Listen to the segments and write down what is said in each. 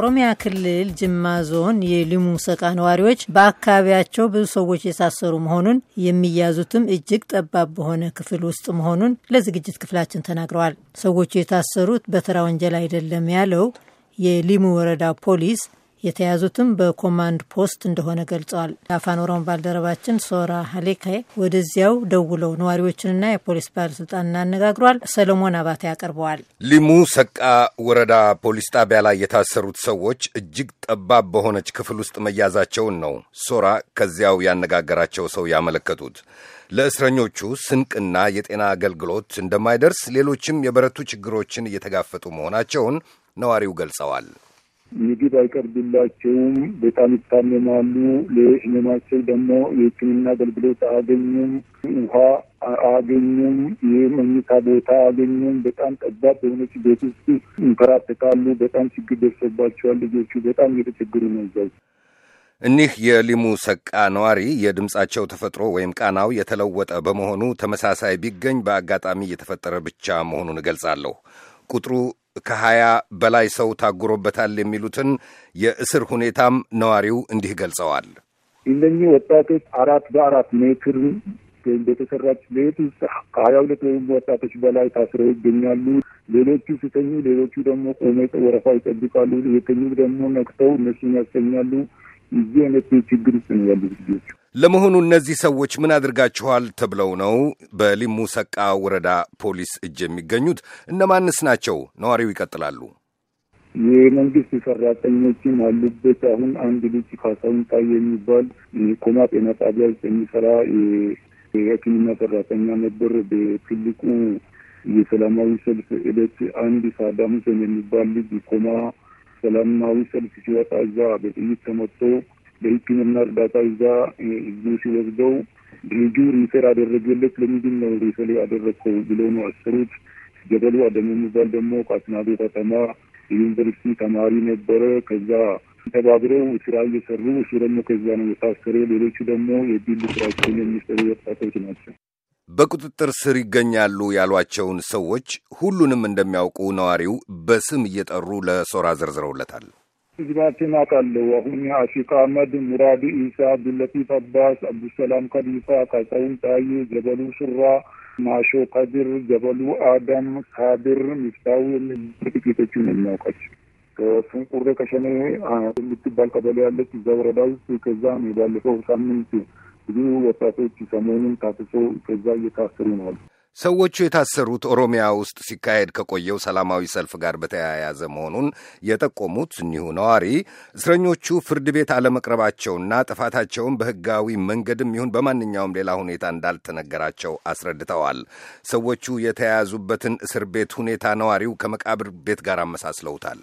በኦሮሚያ ክልል ጅማ ዞን የሊሙ ሰቃ ነዋሪዎች በአካባቢያቸው ብዙ ሰዎች የታሰሩ መሆኑን የሚያዙትም እጅግ ጠባብ በሆነ ክፍል ውስጥ መሆኑን ለዝግጅት ክፍላችን ተናግረዋል። ሰዎቹ የታሰሩት በተራ ወንጀል አይደለም ያለው የሊሙ ወረዳ ፖሊስ የተያዙትም በኮማንድ ፖስት እንደሆነ ገልጸዋል። የአፋን ኦሮሞ ባልደረባችን ሶራ ሀሌካ ወደዚያው ደውለው ነዋሪዎችንና የፖሊስ ባለስልጣንን አነጋግሯል። ሰለሞን አባተ ያቀርበዋል። ሊሙ ሰቃ ወረዳ ፖሊስ ጣቢያ ላይ የታሰሩት ሰዎች እጅግ ጠባብ በሆነች ክፍል ውስጥ መያዛቸውን ነው ሶራ ከዚያው ያነጋገራቸው ሰው ያመለከቱት። ለእስረኞቹ ስንቅና የጤና አገልግሎት እንደማይደርስ ሌሎችም የበረቱ ችግሮችን እየተጋፈጡ መሆናቸውን ነዋሪው ገልጸዋል። ምግብ አይቀርብላቸውም፣ በጣም ይታመማሉ። ለህመማቸው ደግሞ የህክምና አገልግሎት አያገኙም፣ ውሃ አያገኙም፣ የመኝታ ቦታ አያገኙም። በጣም ጠባብ በሆነች ቤት ውስጥ ይንከራተታሉ። በጣም ችግር ደርሶባቸዋል። ልጆቹ በጣም እየተቸገሩ ነው እዛው እኒህ የሊሙ ሰቃ ነዋሪ የድምፃቸው ተፈጥሮ ወይም ቃናው የተለወጠ በመሆኑ ተመሳሳይ ቢገኝ በአጋጣሚ እየተፈጠረ ብቻ መሆኑን እገልጻለሁ። ቁጥሩ ከሀያ በላይ ሰው ታጉሮበታል የሚሉትን የእስር ሁኔታም ነዋሪው እንዲህ ገልጸዋል። እነኚህ ወጣቶች አራት በአራት ሜትር በተሰራች ቤት ውስጥ ከሀያ ሁለት ወይም ወጣቶች በላይ ታስረው ይገኛሉ። ሌሎቹ ሲተኙ፣ ሌሎቹ ደግሞ ቆመ ወረፋ ይጠብቃሉ። የተኙ ደግሞ ነቅተው እነሱን ያስተኛሉ። እዚህ አይነት ችግር ውስጥ ነው ያሉት ልጆች። ለመሆኑ እነዚህ ሰዎች ምን አድርጋችኋል ተብለው ነው በሊሙ ሰቃ ወረዳ ፖሊስ እጅ የሚገኙት? እነማንስ ናቸው? ነዋሪው ይቀጥላሉ። የመንግስት ሰራተኞችም አሉበት። አሁን አንድ ልጅ ካሳሁን ጣይ የሚባል ኮማ ጤና ጣቢያ ውስጥ የሚሰራ የሕክምና ሰራተኛ ነበር። በትልቁ የሰላማዊ ሰልፍ ዕለት አንድ ሳዳም የሚባል ልጅ ኮማ ሰላማዊ ሰልፍ ሲወጣ እዛ በጥይት ተመቶ በህክምና እርዳታ እዛ ህዝቡ ሲወስደው ድርጁ ሪሰር አደረገለት። ለምንድን ነው ሪሰር ያደረግከው ብለው ነው አሰሩት። ገበሉ አደም የሚባል ደግሞ ከአስናዶ ከተማ ዩኒቨርሲቲ ተማሪ ነበረ። ከዛ ተባብረው ስራ እየሰሩ እሱ ደግሞ ከዛ ነው የታሰረ። ሌሎቹ ደግሞ የግል ስራቸውን የሚሰሩ ወጣቶች ናቸው። በቁጥጥር ስር ይገኛሉ ያሏቸውን ሰዎች ሁሉንም እንደሚያውቁ ነዋሪው በስም እየጠሩ ለሶራ ዘርዝረውለታል። ህዝባችን አውቃለሁ አሁን አሺቅ አህመድ፣ ሙራድ ኢሳ፣ አብዱለጢፍ አባስ፣ አብዱሰላም ከሊፋ፣ ካሳሁን ጣዬ፣ ጀበሉ ሱራ፣ ማሾ ከድር፣ ጀበሉ አዳም፣ ሳድር ሚፍታዊ ጥቂቶቹን ነው የሚያውቃቸው። ከስንቁሬ ከሸኔ የምትባል ቀበሌ ያለች እዛ ወረዳ ውስጥ ከዛ ባለፈው ሳምንት ብዙ ወጣቶች ሰሞኑን ታፍሶ ከዛ እየታሰሩ ነው። ሰዎቹ የታሰሩት ኦሮሚያ ውስጥ ሲካሄድ ከቆየው ሰላማዊ ሰልፍ ጋር በተያያዘ መሆኑን የጠቆሙት እኒሁ ነዋሪ እስረኞቹ ፍርድ ቤት አለመቅረባቸውና ጥፋታቸውን በሕጋዊ መንገድም ይሁን በማንኛውም ሌላ ሁኔታ እንዳልተነገራቸው አስረድተዋል። ሰዎቹ የተያያዙበትን እስር ቤት ሁኔታ ነዋሪው ከመቃብር ቤት ጋር አመሳስለውታል።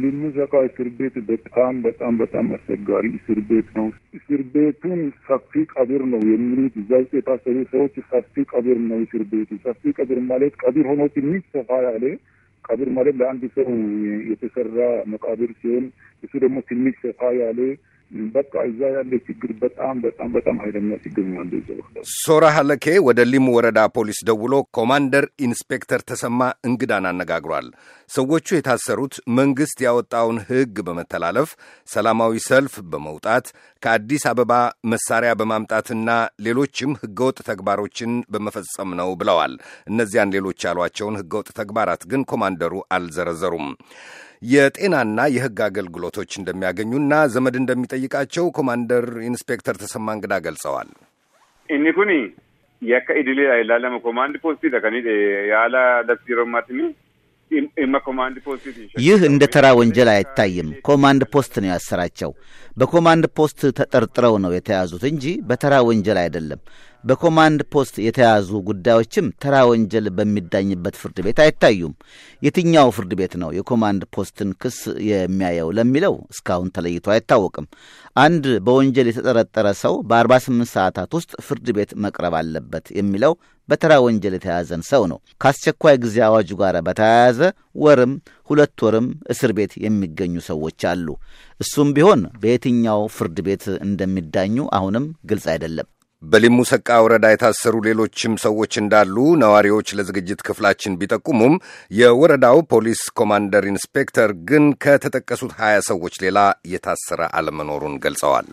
ልንዘጋው እስር ቤት በጣም በጣም በጣም አስቸጋሪ እስር ቤት ነው። እስር ቤቱን ሰፊ ቀብር ነው የሚሉት እዛ ውስጥ የታሰሩ ሰዎች ሰፊ ቀብር ነው። እስር ቤቱ ሰፊ ቀብር ማለት ቀብር ሆኖ ትንሽ ሰፋ ያለ ቀብር ማለት ለአንድ ሰው የተሰራ መቃብር ሲሆን እሱ ደግሞ ትንሽ ሰፋ ያለ በቃ እዛ ያለ ችግር በጣም በጣም በጣም ኃይለኛ ችግር ያለ። ሶራ ሀለኬ ወደ ሊሙ ወረዳ ፖሊስ ደውሎ ኮማንደር ኢንስፔክተር ተሰማ እንግዳን አነጋግሯል። ሰዎቹ የታሰሩት መንግሥት ያወጣውን ሕግ በመተላለፍ ሰላማዊ ሰልፍ በመውጣት ከአዲስ አበባ መሳሪያ በማምጣትና ሌሎችም ሕገወጥ ተግባሮችን በመፈጸም ነው ብለዋል። እነዚያን ሌሎች ያሏቸውን ሕገወጥ ተግባራት ግን ኮማንደሩ አልዘረዘሩም። የጤናና የሕግ አገልግሎቶች እንደሚያገኙና ዘመድ እንደሚጠይቃቸው ኮማንደር ኢንስፔክተር ተሰማ እንግዳ ገልጸዋል። ኢኒኩኒ የከ ኢድሌ ላለመ ኮማንድ ፖስቲ ተከኒ ያላ ደስ ሮማትኒ ይህ እንደ ተራ ወንጀል አይታይም። ኮማንድ ፖስት ነው ያሰራቸው። በኮማንድ ፖስት ተጠርጥረው ነው የተያዙት እንጂ በተራ ወንጀል አይደለም። በኮማንድ ፖስት የተያዙ ጉዳዮችም ተራ ወንጀል በሚዳኝበት ፍርድ ቤት አይታዩም። የትኛው ፍርድ ቤት ነው የኮማንድ ፖስትን ክስ የሚያየው ለሚለው እስካሁን ተለይቶ አይታወቅም። አንድ በወንጀል የተጠረጠረ ሰው በ48 ሰዓታት ውስጥ ፍርድ ቤት መቅረብ አለበት የሚለው በተራ ወንጀል የተያዘን ሰው ነው። ከአስቸኳይ ጊዜ አዋጁ ጋር በተያያዘ ወርም ሁለት ወርም እስር ቤት የሚገኙ ሰዎች አሉ። እሱም ቢሆን በየትኛው ፍርድ ቤት እንደሚዳኙ አሁንም ግልጽ አይደለም። በሊሙ ሰቃ ወረዳ የታሰሩ ሌሎችም ሰዎች እንዳሉ ነዋሪዎች ለዝግጅት ክፍላችን ቢጠቁሙም የወረዳው ፖሊስ ኮማንደር ኢንስፔክተር ግን ከተጠቀሱት ሀያ ሰዎች ሌላ የታሰረ አለመኖሩን ገልጸዋል።